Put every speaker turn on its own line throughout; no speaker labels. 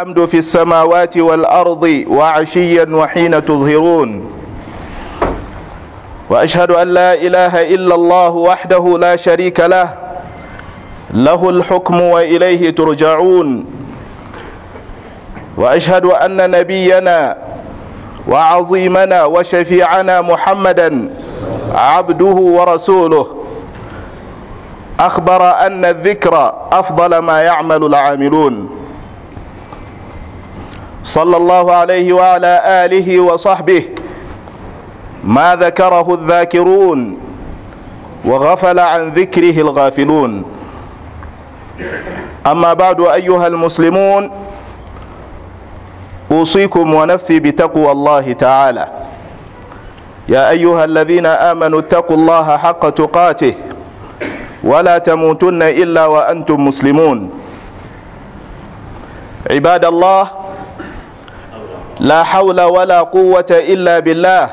الحمد في السماوات والأرض وعشيا وحين تظهرون وأشهد أن لا إله إلا الله وحده لا شريك له له الحكم وإليه ترجعون وأشهد أن نبينا وعظيمنا وشفيعنا محمدا عبده ورسوله أخبر أن الذكر أفضل ما يعمل العاملون صلى الله عليه وعلى آله وصحبه ما ذكره الذاكرون وغفل عن ذكره الغافلون أما بعد أيها المسلمون أوصيكم ونفسي بتقوى الله تعالى يا أيها الذين آمنوا اتقوا الله حق تقاته ولا تموتن إلا وأنتم مسلمون عباد الله لا حول ولا قوة إلا بالله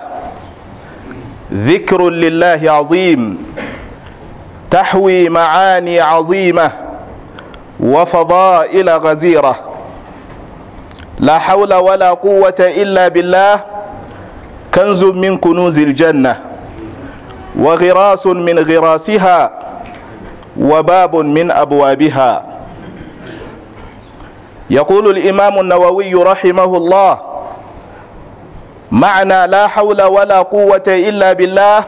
ذكر لله عظيم تحوي معاني عظيمة وفضائل غزيرة لا حول ولا قوة إلا بالله كنز من كنوز الجنة وغراس من غراسها وباب من أبوابها يقول الإمام النووي رحمه الله معنى لا حول ولا قوة إلا بالله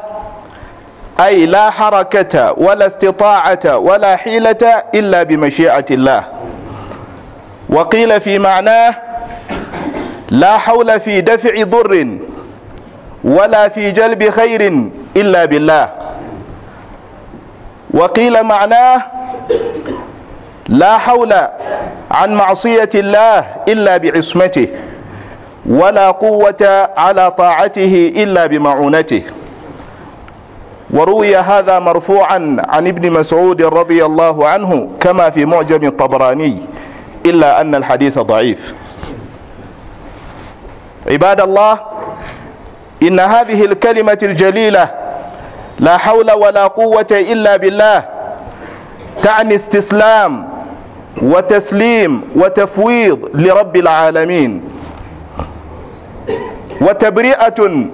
أي لا حركة ولا استطاعة ولا حيلة إلا بمشيئة الله وقيل في معناه لا حول في دفع ضر ولا في جلب خير إلا بالله وقيل معناه لا حول عن معصية الله إلا بعصمته ولا قوة على طاعته إلا بمعونته وروي هذا مرفوعا عن ابن مسعود رضي الله عنه كما في معجم الطبراني إلا أن الحديث ضعيف عباد الله إن هذه الكلمة الجليلة لا حول ولا قوة إلا بالله تعني استسلام وتسليم وتفويض لرب العالمين وتبرئة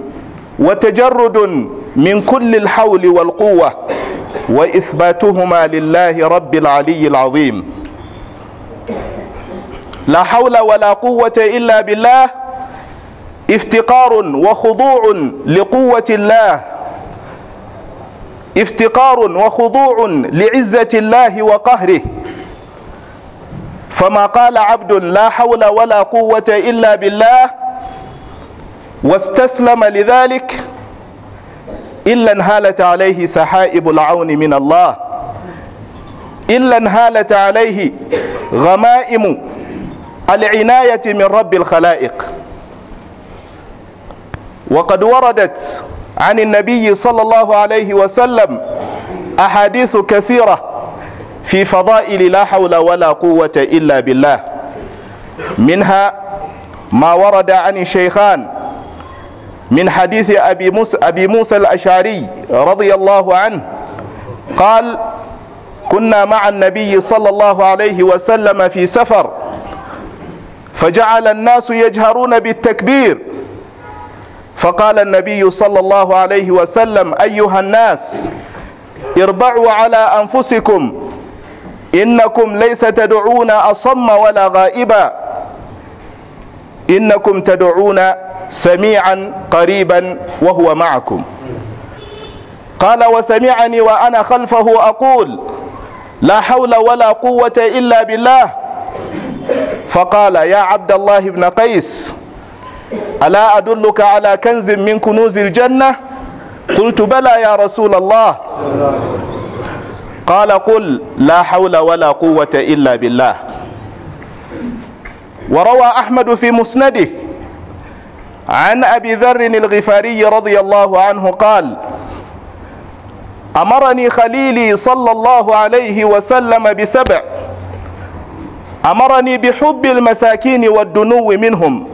وتجرد من كل الحول والقوة وإثباتهما لله رب العلي العظيم لا حول ولا قوة إلا بالله افتقار وخضوع لقوة الله افتقار وخضوع لعزة الله وقهره فما قال عبد لا حول ولا قوة إلا بالله واستسلم لذلك إلا انهالت عليه سحائب العون من الله إلا انهالت عليه غمائم العناية من رب الخلائق وقد وردت عن النبي صلى الله عليه وسلم أحاديث كثيرة في فضائل لا حول ولا قوة إلا بالله منها ما ورد عن الشيخان من حديث أبي موسى, أبي موسى الأشعري رضي الله عنه قال كنا مع النبي صلى الله عليه وسلم في سفر فجعل الناس يجهرون بالتكبير فقال النبي صلى الله عليه وسلم أيها الناس اربعوا على أنفسكم إنكم ليس تدعون أصم ولا غائبا إنكم تدعون سميعا قريبا وهو معكم قال وسمعني وأنا خلفه أقول لا حول ولا قوة إلا بالله فقال يا عبد الله بن قيس ألا أدلك على كنز من كنوز الجنة قلت بلى يا رسول الله قال قل لا حول ولا قوة إلا بالله وروى أحمد في مسنده عن أبي ذر الغفاري رضي الله عنه قال أمرني خليلي صلى الله عليه وسلم بسبع أمرني بحب المساكين والدنو منهم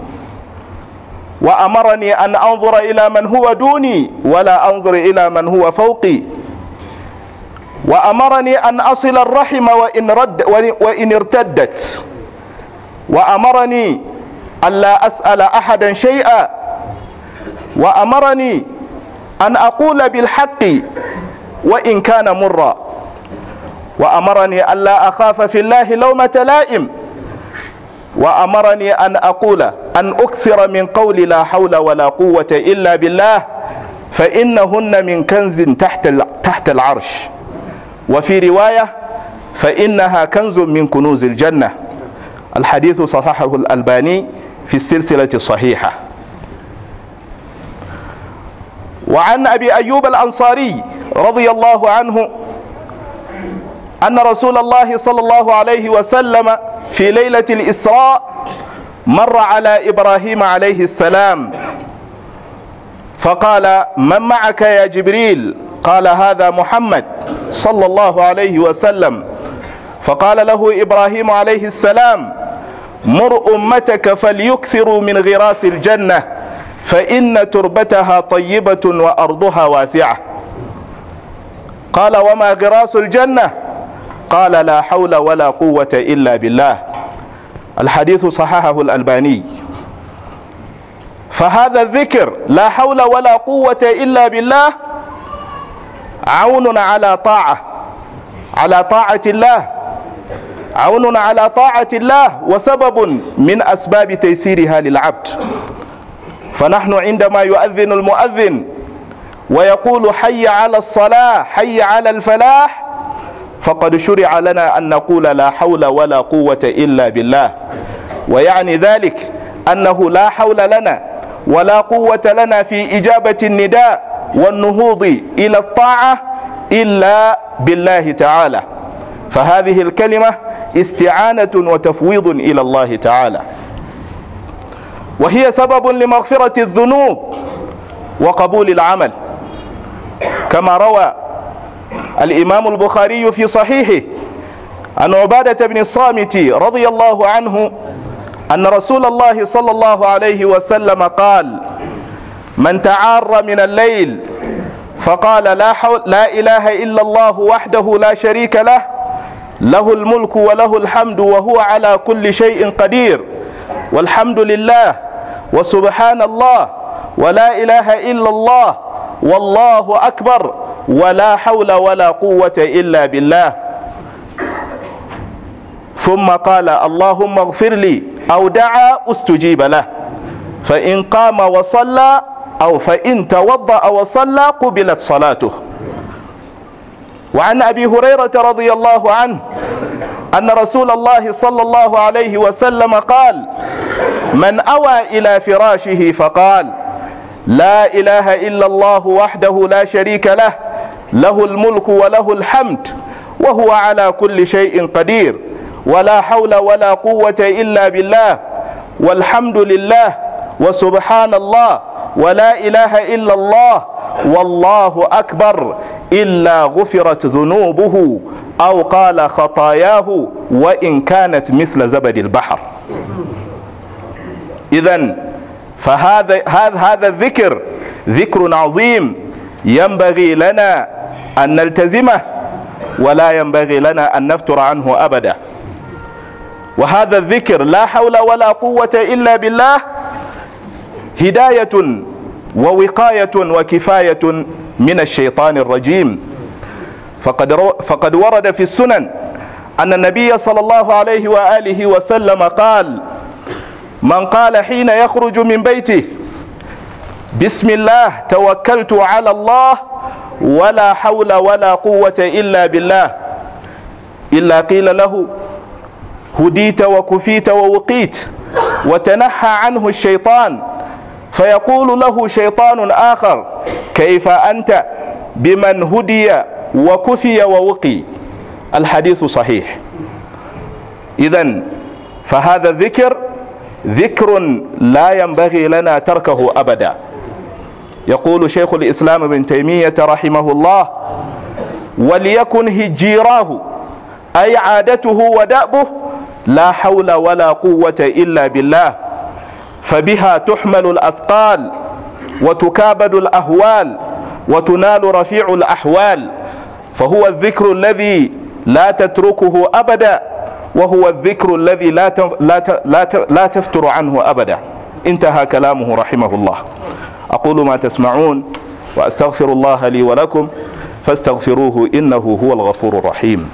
وأمرني أن أنظر إلى من هو دوني ولا أنظر إلى من هو فوقي وأمرني أن أصل الرحم وإن, رد وإن ارتدت وأمرني ألا أسأل أحدا شيئا وأمرني أن أقول بالحق وإن كان مرا وأمرني ألا أخاف في الله لومة لائم وأمرني أن أقول أن أكثر من قول لا حول ولا قوة إلا بالله فإنهن من كنز تحت تحت العرش وفي رواية فإنها كنز من كنوز الجنة الحديث صححه الألباني في السلسلة الصحيحة وعن أبي أيوب الأنصاري رضي الله عنه أن رسول الله صلى الله عليه وسلم في ليلة الإسراء مر على إبراهيم عليه السلام فقال من معك يا جبريل قال هذا محمد صلى الله عليه وسلم فقال له إبراهيم عليه السلام مر أمتك فليكثروا من غراس الجنة فإن تربتها طيبة وأرضها واسعة قال وما غراس الجنة قال لا حول ولا قوة إلا بالله الحديث صححه الألباني فهذا الذكر لا حول ولا قوة إلا بالله عون على طاعة على طاعة الله عون على طاعة الله وسبب من أسباب تيسيرها للعبد فنحن عندما يؤذن المؤذن ويقول حي على الصلاة حي على الفلاح فقد شرع لنا أن نقول لا حول ولا قوة إلا بالله ويعني ذلك أنه لا حول لنا ولا قوة لنا في إجابة النداء والنهوض إلى الطاعة إلا بالله تعالى فهذه الكلمة استعانة وتفويض إلى الله تعالى وهي سبب لمغفرة الذنوب وقبول العمل كما روى الإمام البخاري في صحيحه أن عبادة بن الصامت رضي الله عنه أن رسول الله صلى الله عليه وسلم قال من تعار من الليل فقال لا, حول لا إله إلا الله وحده لا شريك له له الملك وله الحمد وهو على كل شيء قدير والحمد لله وسبحان الله ولا إله إلا الله والله أكبر ولا حول ولا قوة إلا بالله ثم قال اللهم اغفر لي أو دعا استجيب له فإن قام وصلى أو فإن توضأ وصلى قبلت صلاته وعن أبي هريرة رضي الله عنه أن رسول الله صلى الله عليه وسلم قال من أوى إلى فراشه فقال لا إله إلا الله وحده لا شريك له له الملك وله الحمد وهو على كل شيء قدير ولا حول ولا قوة إلا بالله والحمد لله وسبحان الله ولا إله إلا الله والله أكبر إلا غفرت ذنوبه أو قال خطاياه وإن كانت مثل زبد البحر إذا فهذا هذا هذا الذكر ذكر عظيم ينبغي لنا أن نلتزمه ولا ينبغي لنا أن نفتر عنه أبدا وهذا الذكر لا حول ولا قوة إلا بالله هداية ووقاية وكفاية من الشيطان الرجيم فقد, رو فقد ورد في السنن أن النبي صلى الله عليه وآله وسلم قال من قال حين يخرج من بيته بسم الله توكلت على الله ولا حول ولا قوة إلا بالله إلا قيل له هديت وكفيت ووقيت وتنحى عنه الشيطان فيقول له شيطان آخر كيف أنت بمن هدي وكفي ووقي الحديث صحيح إذا فهذا الذكر ذكر لا ينبغي لنا تركه أبدا يقول شيخ الإسلام ابن تيمية رحمه الله وليكن هجيراه أي عادته ودأبه لا حول ولا قوة إلا بالله فبها تحمل الأثقال وتكابد الأهوال وتنال رفيع الأحوال فهو الذكر الذي لا تتركه أبدا وهو الذكر الذي لا لا لا تفتر عنه أبدا انتهى كلامه رحمه الله أقول ما تسمعون وأستغفر الله لي ولكم فاستغفروه إنه هو الغفور الرحيم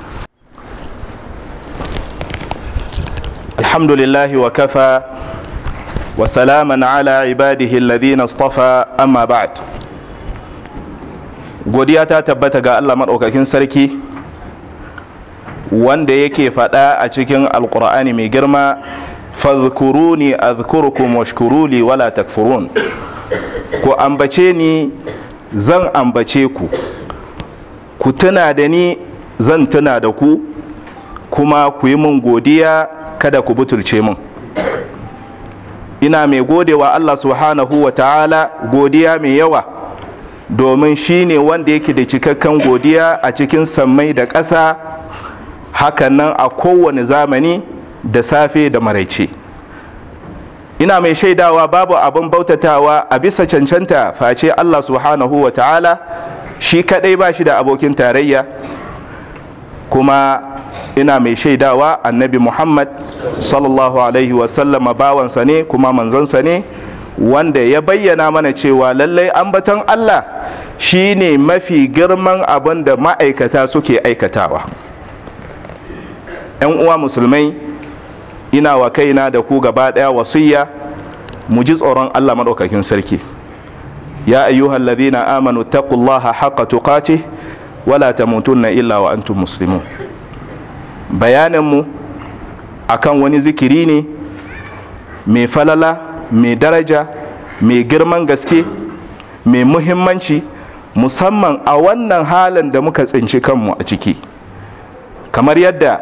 الحمد لله وكفى وسلاما على عباده الذين اصطفى أما بعد godiya ta tabbata ga Allah maɗaukakin sarki wanda yake faɗa a cikin alkur'ani mai girma fadhkuruni azkurkum washkuruli wala takfurun ku ambace ni zan ambace ku ku tuna da ni zan tuna da ku kuma ku yi min godiya kada ku butulce mun ina mai godewa Allah subhanahu wa ta'ala godiya mai yawa domin shi ne wanda yake da cikakken godiya a cikin sammai da ƙasa nan a kowane zamani da safe da maraice ina mai shaidawa babu abin bautatawa a bisa cancanta face Allah subhanahu wa ta'ala shi kaɗai ba shi da abokin tarayya kuma ina mai shaidawa annabi muhammad sallallahu alaihi wasallama bawansa ne kuma manzansa ne wanda ya bayyana mana cewa lallai ambaton allah shi ne mafi girman abin da ma'aikata suke aikatawa 'yan uwa musulmai ina wa kaina da ku gaba ɗaya wasiyya mu ji tsoron allah maɗaukakin sarki ya ayyuhan ladina amanu taqullaha haqqa tuqatih wala tamutunna illa wa antum muslimun bayanin mu akan wani zikiri ne mai falala mai daraja mai girman gaske mai muhimmanci musamman a wannan halin da muka tsinci kanmu a ciki kamar yadda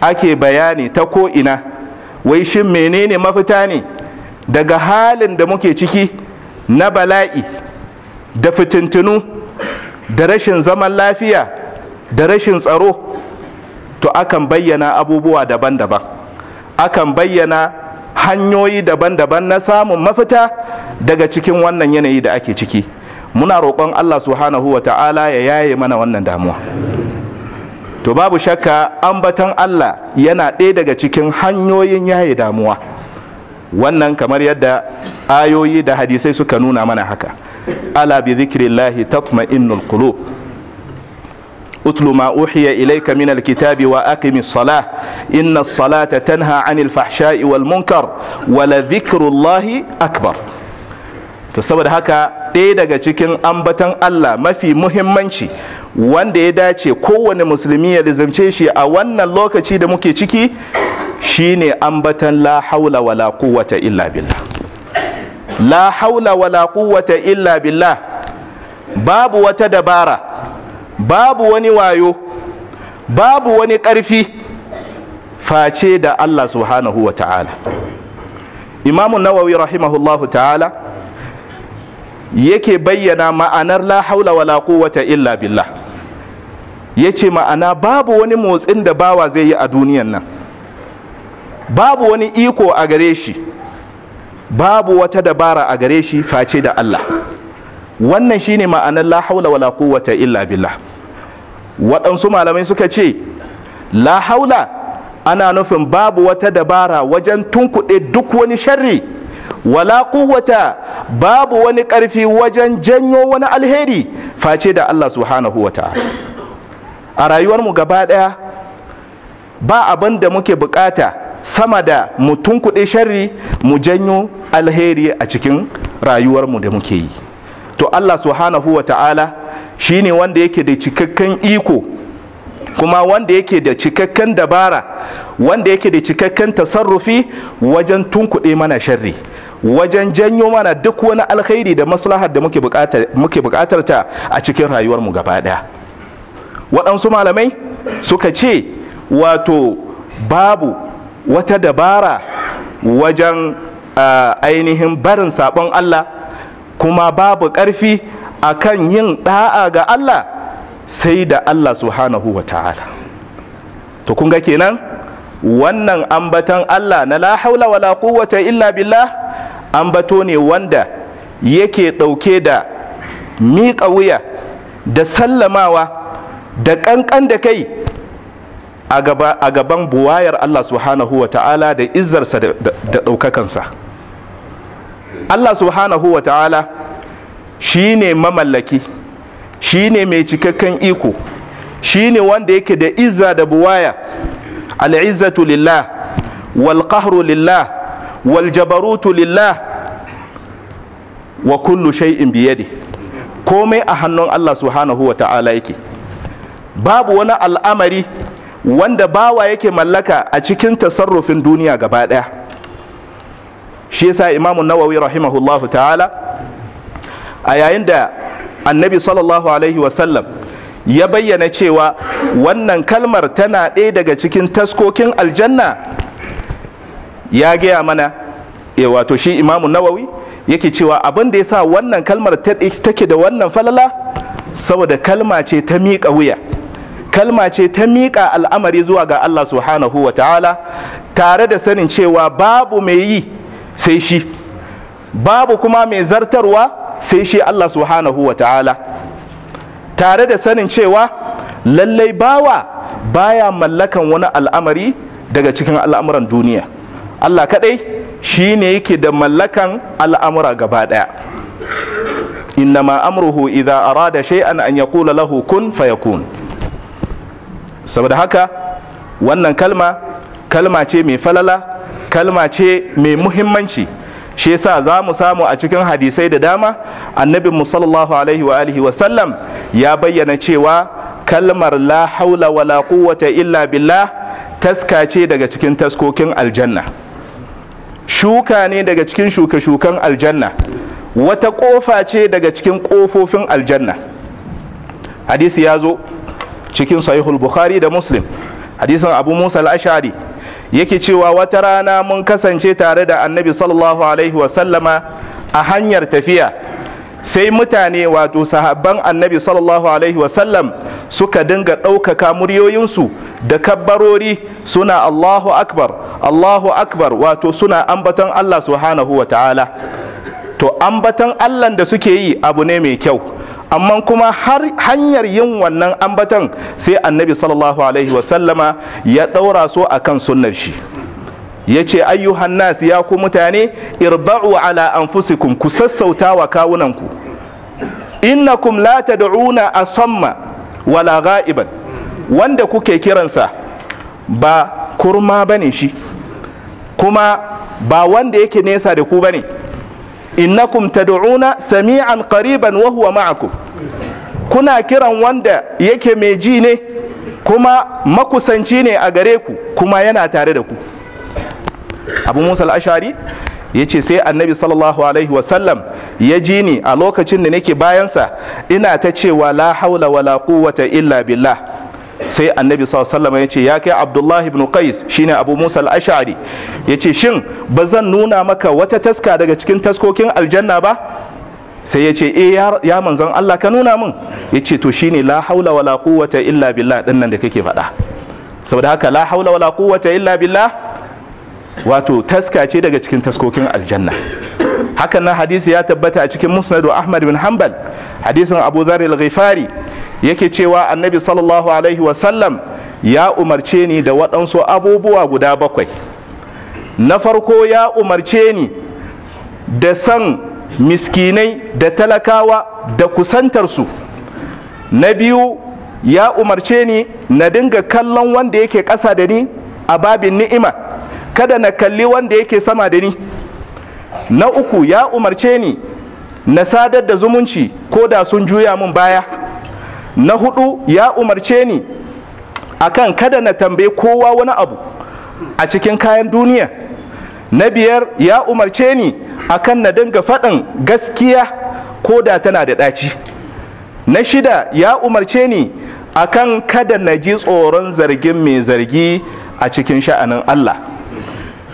ake bayani ta ko'ina wai shin menene mafita ne daga halin da muke ciki na bala'i da fitintunu da rashin zaman lafiya da rashin tsaro to akan bayyana abubuwa daban-daban akan bayyana hanyoyi daban-daban na samun mafita daga cikin wannan yanayi da ake ciki muna roƙon allah subhanahu wa ta'ala ya yaye mana wannan damuwa to babu shakka ambaton allah yana ɗaya daga cikin hanyoyin yaye damuwa wannan kamar yadda ayoyi da hadisai suka nuna mana haka ala bi zikrillahi tatma'innul qulub utlu ma uhiya ilayka min alkitabi wa aqimi salah inna salata tanha anil fahsha'i wal munkar wala zikrullahi akbar to saboda haka ɗaya daga cikin ambatan Allah mafi muhimmanci wanda ya dace kowane musulmi ya lizamce shi a wannan lokaci da muke ciki shine ambatan la haula wala quwwata illa billah la haula wala quwwata illa billah babu wata dabara babu wani wayo babu wani ƙarfi face da Allah subhanahu wa ta'ala imamu nawawi rahimahullahu ta'ala yake bayyana ma'anar la haula wala quwwata illa billah yace ma'ana babu wani motsin da bawa zai yi a duniyan nan babu wani iko a gare shi babu wata dabara a gare shi face da Allah wannan shine ma'anar la haula wala quwwata illa billah waɗansu malamai suka ce la haula ana nufin babu wata dabara wajen tunkuɗe duk wani sharri wala quwwata babu wani ƙarfi wajen janyo wani alheri face da Allah subhanahu wa ta'ala a rayuwarmu gaba ɗaya ba abin da muke bukata sama da mu kuɗe sharri mu janyo alheri a cikin rayuwarmu da muke yi to Allah subhanahu wa ta'ala shine wanda yake da cikakken iko kuma wanda yake da cikakken dabara wanda yake da cikakken tasarrufi wajen tunkuɗe mana sharri wajen janyo mana duk wani alheri da maslahar da muke buƙatar ta a cikin rayuwarmu gaba ɗaya waɗansu malamai suka ce wato babu wata dabara wajen ainihin barin sabon Allah kuma babu ƙarfi kan yin ɗa'a ga Allah sai da Allah subhanahu wa ta'ala to kun kenan wannan ambatan Allah na la haula la quwwata illa billah ambato ne wanda yake ɗauke da miƙa wuya da sallamawa da ƙanƙan da kai a gaban buwayar Allah subhanahu wa ta'ala da izarsa da ɗaukakansa Allah subhanahu wa ta'ala shi ne mamallaki shi ne mai cikakken iko shi ne wanda yake da izza da buwaya al'izzatu lillah wal qahru lillah wal jabarutu lillah wa kullu shay'in biyadi komai a hannun Allah subhanahu wa ta'ala yake babu wani al'amari wanda bawa yake mallaka a cikin tasarrufin duniya gaba ɗaya shi yasa imamu nawawi rahimahullahu ta'ala a yayin da annabi sallallahu alaihi wasallam ya bayyana cewa wannan kalmar tana ɗaya daga cikin taskokin aljanna ya gaya mana e, wato shi imamu nawawi yake cewa abin da ya sa wannan kalmar take da wannan falala saboda kalma ce ta miƙa wuya kalma ce ta miƙa al'amari zuwa ga Allah subhanahu wa ta'ala tare da sanin cewa babu mai yi sai shi babu kuma mai zartarwa sai shi Allah subhanahu wa ta'ala tare da sanin cewa lallai bawa baya mallakan wani al'amari daga cikin al'amuran duniya Allah kaɗai shi ne yake da mallakan al'amura gaba ɗaya innama amruhu idza arada shay'an an yaqula lahu kun fayakun saboda haka wannan kalma kalma ce mai falala kalma ce mai muhimmanci shi yasa za mu samu a cikin hadisai da dama annabi mu sallallahu alaihi wa alihi wa sallam ya bayyana cewa kalmar la haula wala quwwata illa billah taska ce daga cikin taskokin aljanna shuka ne daga cikin shuke-shuken aljanna wata kofa ce daga cikin kofofin aljanna hadisi ya zo cikin sahihul bukhari da muslim hadisin abu musa al-ashari yake cewa wata rana mun kasance tare da annabi sallallahu alaihi wasallama a hanyar tafiya sai mutane wato sahabban annabi sallallahu alaihi wasallam suka dinga ɗaukaka muryoyinsu da kabbarori suna allahu akbar allahu akbar wato suna ambaton allah subhanahu wa ta'ala to ambaton allah da suke yi abu ne mai kyau amma kuma har hanyar yin wannan ambaton sai annabi sallallahu alaihi wasallama ya ɗaura so akan sunnar shi ya ce ayyuhan nas ya ku mutane irba'u ala anfusikum ku sassauta wa kawunanku innakum la tad'una asamma wala ga'iban wanda kuke kiransa ba kurma bane shi kuma ba wanda yake nesa da ku bane innakum tad'una sami'an qariban wa huwa ma'akum kuna kiran wanda yake mai ji ne kuma makusanci ne a gare ku kuma yana tare da ku abu musa al-ashari yace sai annabi sallallahu alaihi wa sallam ya ji ni a lokacin da nake bayansa ina ta cewa la haula wala quwwata illa billah sai annabi sallama ya ce ya kai abdullahi ibn qais shine abu musa al-ash'ari ya ce shin ba zan nuna maka wata taska daga cikin taskokin aljanna ba sai eh, ya ce e ya manzon allah ka nuna min ya ce to shine la haula wala quwwata illa billah din nan da kake faɗa saboda haka la haula wala quwwata illa billah wato taska ce daga cikin taskokin aljanna hakan nan hadisi ya tabbata a cikin musnad ahmad bin hanbal hadisin abu dharr al-ghifari yake cewa annabi sallallahu alaihi wasallam ya umarce ni da waɗansu abubuwa guda bakwai na farko ya umarce ni da san miskinai da talakawa da kusantarsu na biyu ya umarce ni na dinga kallon wanda yake ƙasa da ni a babin ni'ima kada na kalli wanda yake sama da ni na uku ya umarce ni na sadar da zumunci ko da sun juya mun baya na hudu ya umarce ni akan kada na tambaye kowa wani abu a cikin kayan duniya na biyar ya umarce ni akan na dinga faɗin gaskiya ko da tana da ɗaci na shida ya umarce ni akan kada na ji tsoron zargin mai zargi a cikin sha'anin Allah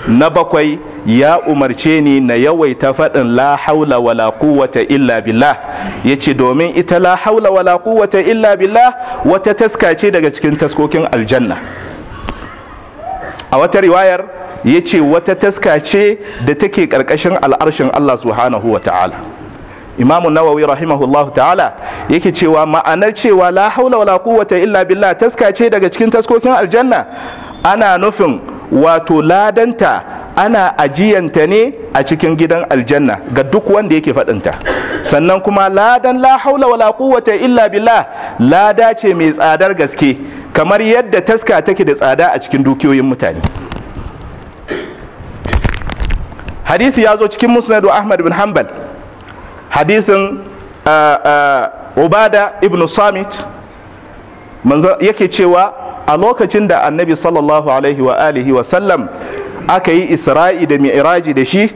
na bakwai ya umarce ni na yawaita faɗin la haula wala quwwata illa billah yace domin ita la haula wala quwwata illa billah wata taska ce daga cikin taskokin aljanna a wata riwayar yace wata taska ce da take karkashin al'arshin Allah subhanahu wa ta'ala imamu nawawi rahimahullahu ta'ala yake cewa ma'anar cewa la haula wala quwwata illa billah taska ce daga cikin taskokin aljanna ana nufin wato ladanta ana ajiyanta ne a cikin gidan aljanna ga duk wanda yake faɗinta sannan kuma ladan la haula wala quwwata illa billah lada ce mai tsadar gaske kamar yadda taska take da tsada a cikin dukiyoyin mutane hadisi ya zo cikin musnadu ahmad bin hanbal hadisin uh, uh, ubada ibn samit yake cewa a lokacin da annabi sallallahu alaihi wa alihi wa sallam aka yi isra'i da mi'raji da shi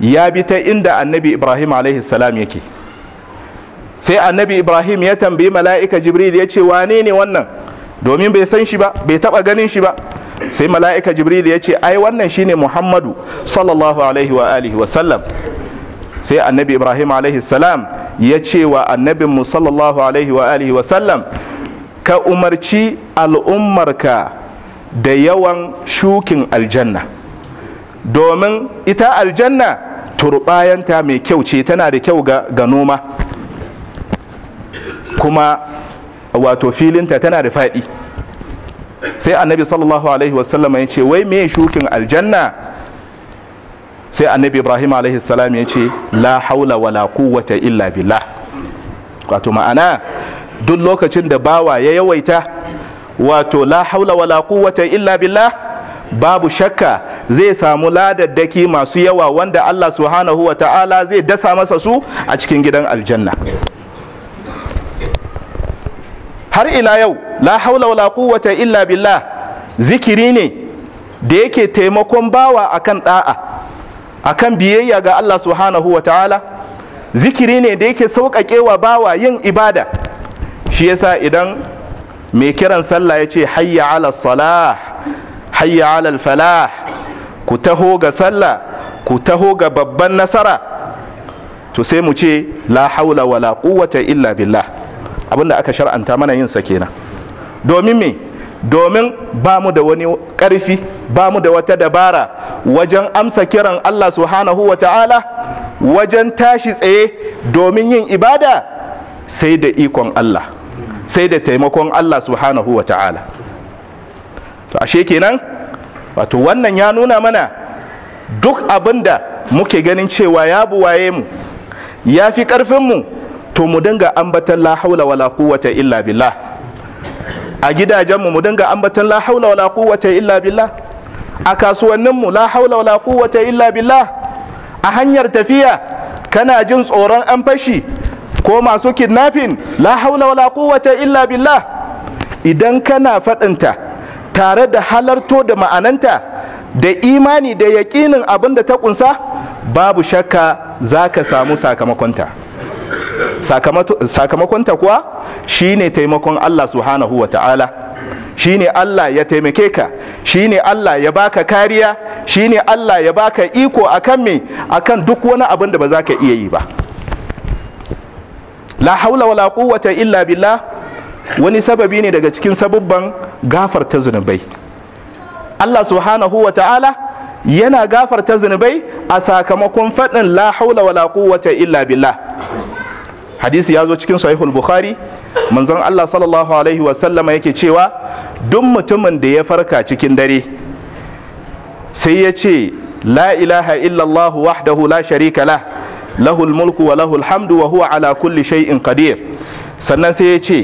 ya bi ta inda annabi ibrahim salam yake sai annabi ibrahim ya tambayi mala'ika jibril ya ce wane ne wannan domin bai san shi ba bai taba ganin shi ba sai mala'ika jibril ya ce ai wannan shine muhammadu sallallahu alaihi wa alihi sai annabi ibrahim alaihi salam ya ce wa annabinmu sallallahu alaihi wa alihi ka umarci al'ummarka da yawan shukin aljanna domin ita aljanna turbayanta mai kyau ce tana da kyau ga noma kuma wato filinta tana da faɗi sai annabi sallallahu alaihi wasallam ya ce wai me shukin aljanna sai annabi ibrahim alaihi salam ya ce la haula wala quwwata illa billah wato ma'ana duk lokacin da bawa ya yawaita wato la haula wala quwwata illa billah babu shakka zai samu ladaddaki masu yawa wanda Allah subhanahu wa zai dasa masa su a cikin gidan aljanna har ila yau la haula wala quwwata illa billah zikiri ne da yake taimakon bawa akan da'a akan biyayya ga Allah subhanahu wa zikiri ne da yake sauƙaƙewa bawa yin ibada shi yasa idan mai kiran sallah ya ce hayya ala salah hayya ala falah ku taho ga sallah ku taho ga babban nasara to sai mu ce la haula wala quwwata illa billah abinda aka shar'anta mana yin sa kenan domin me domin ba mu da wani karfi, ba mu da wata dabara wajen amsa kiran Allah subhanahu wa ta'ala wajen tashi tsaye domin yin ibada sai da ikon Allah sai da taimakon Allah subhanahu wa ta'ala to ashe kenan wato wannan ya nuna mana duk abin da muke ganin cewa ya buwaye mu ya fi ƙarfinmu to mu dinga ambatan la haula wala quwwata illa billah a gidajenmu mu dinga ambatan la haula wala quwwata illa billah a kasuwanninmu la haula wala quwwata illa billah a hanyar tafiya kana jin tsoron an fashi ko masu kidnapping la haula wala quwwata illa billah idan kana faɗinta tare da halarto da ma'ananta da imani da yaƙinin abin da ta kunsa, babu shakka za ka samu sakamakonta sakamakonta kuwa shine taimakon Allah subhanahu wa ta'ala shine Allah ya taimake ka shine Allah ya baka kariya shine Allah ya baka iko akan me akan duk wani abin da ba za ka iya yi ba la haula wala quwwata illa billah wani sababi ne daga cikin sababban gafarta zunubai Allah subhanahu wa ta'ala yana gafarta zunubai a sakamakon faɗin la haula wala quwwata illa billah hadisi ya zo cikin sahihul bukhari manzon Allah sallallahu alaihi wa sallama yake cewa duk mutumin da ya farka cikin dare sai ya ce la ilaha illallah wahdahu la sharika lah lahul mulku wa lahul hamdu wa huwa ala kulli shay'in qadir sannan sai ya ce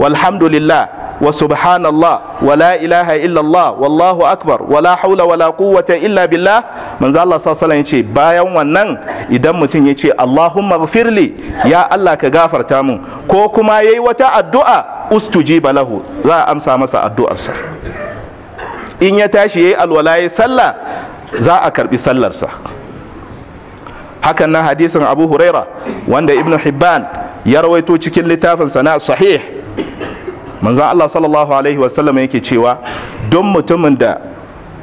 walhamdulillah wa subhanallah wa la ilaha illallah wallahu akbar wa la haula wa la quwwata illa billah manzo Allah sallallahu alaihi yace bayan wannan idan mutum yace Allahumma ghfirli ya Allah ka gafarta mun ko kuma yayi wata addu'a ustujiba lahu za a amsa masa addu'arsa in ya tashi yayi alwala yayi sallah za a karbi sallarsa hakan nan hadisin abu huraira wanda ibn hibban ya rawaito cikin littafin sana sahih manzan allah sallallahu alaihi wasallam yake cewa don mutumin da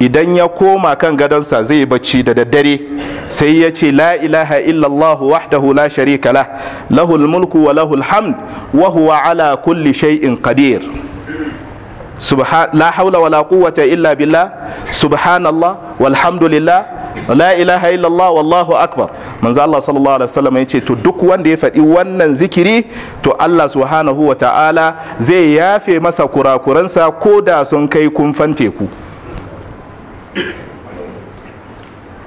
idan ya koma kan gadonsa zai bacci da daddare sai ya ce la ilaha illallah wahdahu la sharika lah lahul mulku wa lahul hamd wa huwa ala kulli shay'in qadir la haula wa la quwwata illa billah subhanallah walhamdulillah la ilaha illallah wallahu akbar manzo Allah sallallahu alaihi wasallam yace to duk wanda ya faɗi wannan zikiri to Allah subhanahu wa ta'ala zai yafe masa kurakuransa ko da sun kai kumfan teku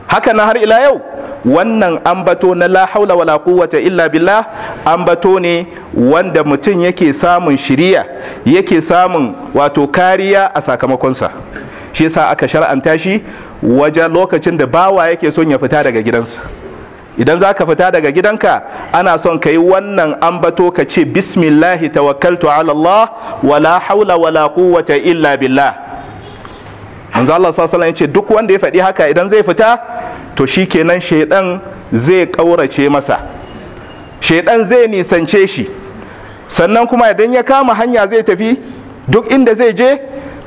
haka na har ila yau wannan ambato na la haula wala quwwata illa billah ambato ne wanda mutum yake samun shiriya yake samun wato kariya a sakamakonsa shi yasa aka shar'anta shi waje lokacin da bawa yake son ya fita daga gidansa idan za ka fita daga gidanka ana son ka yi wannan ambato ka ce bismillahi tawakkaltu ala Allah wala haula wala quwwata illa billah manzo Allah sallallahu alaihi ce duk wanda ya faɗi haka idan zai fita to shikenan shaiɗan zai kaurace masa shaiɗan zai nisance shi sannan kuma idan ya kama hanya zai tafi duk inda zai je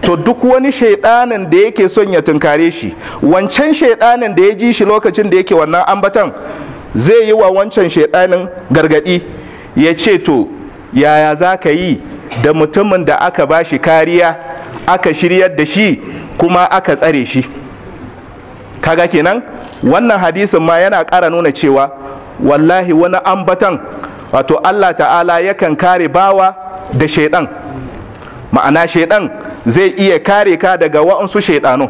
to duk wani shaidanin da yake son ya tunkare shi wancan shaidanin da ya ji shi lokacin da yake wannan ambatan zai yi wa wancan shaidanin gargadi ya ce to yaya za ka yi da mutumin da aka ba shi kariya aka shiryar da shi kuma aka tsare shi kaga kenan wannan hadisin ma yana ƙara nuna cewa wallahi wani ambatan wato Allah ta'ala yakan kare bawa da shaidan ma'ana shaidan zai iya kare ka daga wa'ansu shaidanu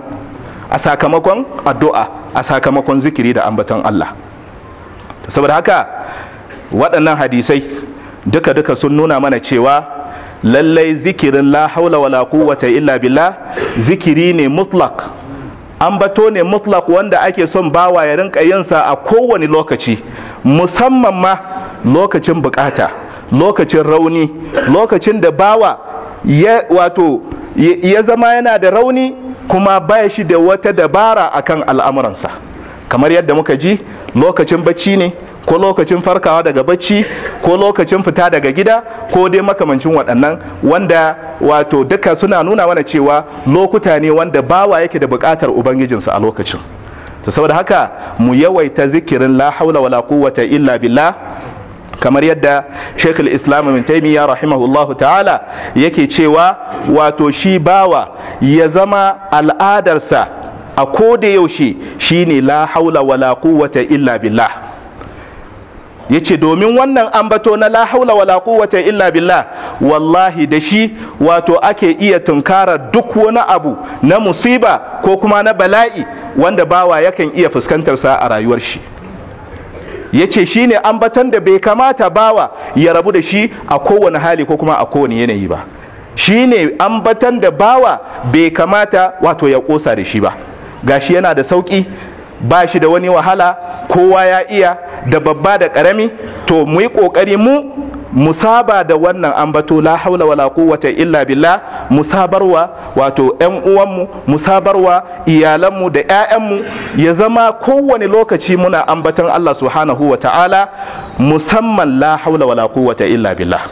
a sakamakon addu'a a sakamakon zikiri da ambaton Allah saboda haka waɗannan hadisai duka-duka sun nuna mana cewa lallai zikirin la haula wala quwwata illa billah zikiri ne mutlak ambato ne mutlak wanda ake son bawa ya rinka yinsa a kowane lokaci musamman ma lokacin bukata lokacin rauni lokacin da bawa ya wato ya zama yana da rauni kuma baya shi da wata dabara akan al'amuransa kamar yadda muka ji lokacin bacci ne ko lokacin farkawa daga bacci ko lokacin fita daga gida ko dai makamancin waɗannan wanda wato duka suna nuna mana cewa lokuta ne wanda bawa yake da buƙatar ubangijinsa a lokacin saboda haka mu yawaita zikirin la haula wala quwwata illa billah kamar yadda shekul islam min taimiyya rahimahullahu ta'ala yake cewa wato shi bawa ya zama al'adarsa a koda yaushe shine la haula wala quwwata illa billah ya ce domin wannan ambato na la haula wala quwwata illa billah wallahi da shi wato ake iya tunkara duk wani abu na musiba ko kuma na bala'i wanda bawa yakan iya fuskantarsa a rayuwar shi ya ce shi ne ambatan da bai kamata bawa ya rabu da shi a kowane hali ko kuma a kowane yanayi ba shi ne ambatan da bawa bai kamata wato ya kosa da shi ba gashi yana da sauki ba shi da wani wahala kowa ya iya da babba da ƙarami to mu yi kokari mu musaba da wannan ambato la haula wala quwwata illa billah musabarwa wato ƴan uwanmu musabarwa iyalanmu da ƴaƴanmu ya zama kowane lokaci muna ambaton Allah subhanahu wa ta'ala musamman la haula wala quwwata illa billah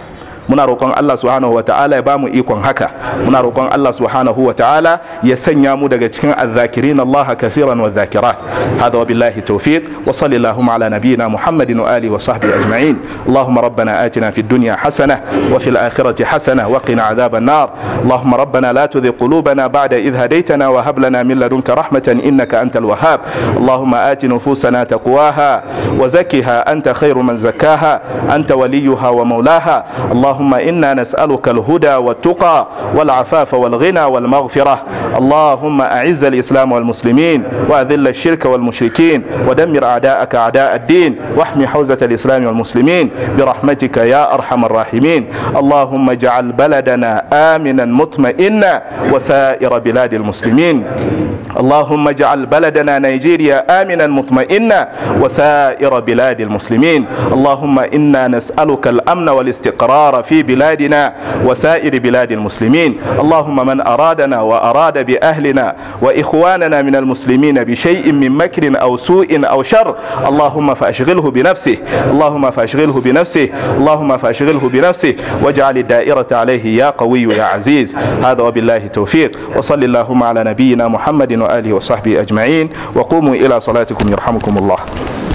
muna roƙon Allah subhanahu wata'ala ya bamu ikon haka muna roƙon Allah subhanahu wata'ala ya sanya mu daga cikin azzakirin Allah kaseeran wa zakira hada wa billahi tawfiq wa sallallahu ala nabiyyina Muhammadin wa alihi wa sahbihi ajma'in Allahumma rabbana atina fid dunya hasana wa fil akhirati hasana wa qina adhaban nar Allahumma rabbana la tuzigh qulubana ba'da idh hadaytana wa hab lana min ladunka rahmatan innaka antal wahhab Allahumma ati nufusana taqwaha wa zakkiha anta khairu man zakkaha anta waliyuha wa mawlaha Allahumma اللهم إنا نسألك الهدى والتقى والعفاف والغنى والمغفرة اللهم أعز الإسلام والمسلمين وأذل الشرك والمشركين ودمر أعداءك أعداء الدين واحمي حوزة الإسلام والمسلمين برحمتك يا أرحم الراحمين اللهم اجعل بلدنا آمنا مطمئنا وسائر بلاد المسلمين اللهم اجعل بلدنا نيجيريا آمنا مطمئنا وسائر بلاد المسلمين اللهم إنا نسألك الأمن والاستقرار في في بلادنا وسائر بلاد المسلمين اللهم من أرادنا وأراد بأهلنا وإخواننا من المسلمين بشيء من مكر أو سوء أو شر اللهم فأشغله بنفسه اللهم فأشغله بنفسه اللهم فأشغله بنفسه واجعل الدائرة عليه يا قوي يا عزيز هذا وبالله التوفيق وصل اللهم على نبينا محمد وآله وصحبه أجمعين وقوموا إلى صلاتكم يرحمكم الله